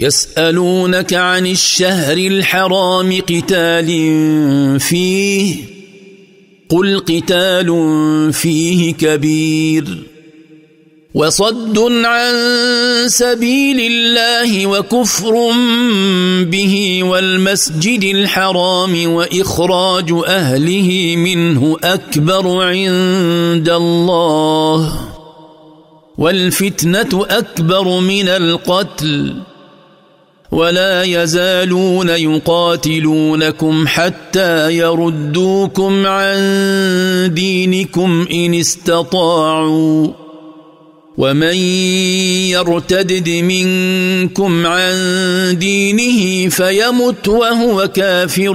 يسالونك عن الشهر الحرام قتال فيه قل قتال فيه كبير وصد عن سبيل الله وكفر به والمسجد الحرام واخراج اهله منه اكبر عند الله والفتنه اكبر من القتل ولا يزالون يقاتلونكم حتى يردوكم عن دينكم ان استطاعوا ومن يرتدد منكم عن دينه فيمت وهو كافر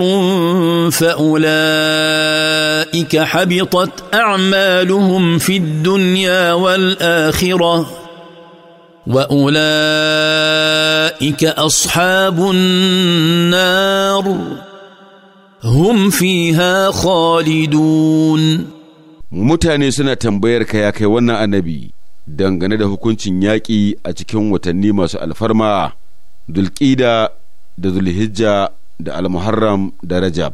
فاولئك حبطت اعمالهم في الدنيا والاخره واولئك اصحاب النار هم فيها خالدون mutane suna tambayar ka ya kai wannan annabi dangane da hukuncin yaƙi a cikin watanni masu alfarma dulƙida da zulhijja da almuharram da rajab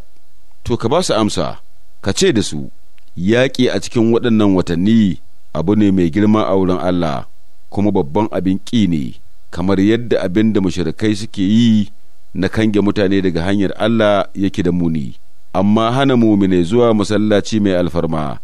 to ka ba su amsa ka ce da su yaƙi a cikin waɗannan watanni abu ne mai girma a wurin Allah kuma babban abin ƙi ne kamar yadda abin da mushrikai suke yi na kange mutane daga hanyar Allah yake da muni amma hana mumine zuwa masallaci mai alfarma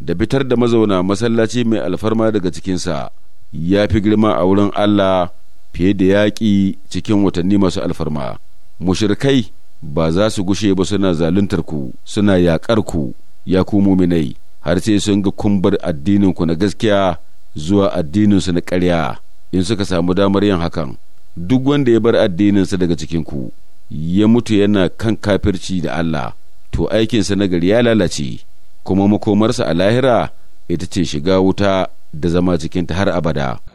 da fitar da mazauna masallaci mai alfarma daga cikinsa ya fi girma a wurin Allah fiye da yaƙi cikin watanni masu alfarma mushirikai ba za su gushe ba suna zaluntar ku suna yaƙar ku ya ku muminai har sai sun ga kumbar addininku na gaskiya zuwa addininsu na ƙarya in suka samu damar yin hakan duk wanda ya bar addininsa daga cikinku ya mutu yana kan kafirci da Allah to aikinsa na gari ya lalace kuma makomarsa a lahira ita ce shiga wuta da zama cikinta har abada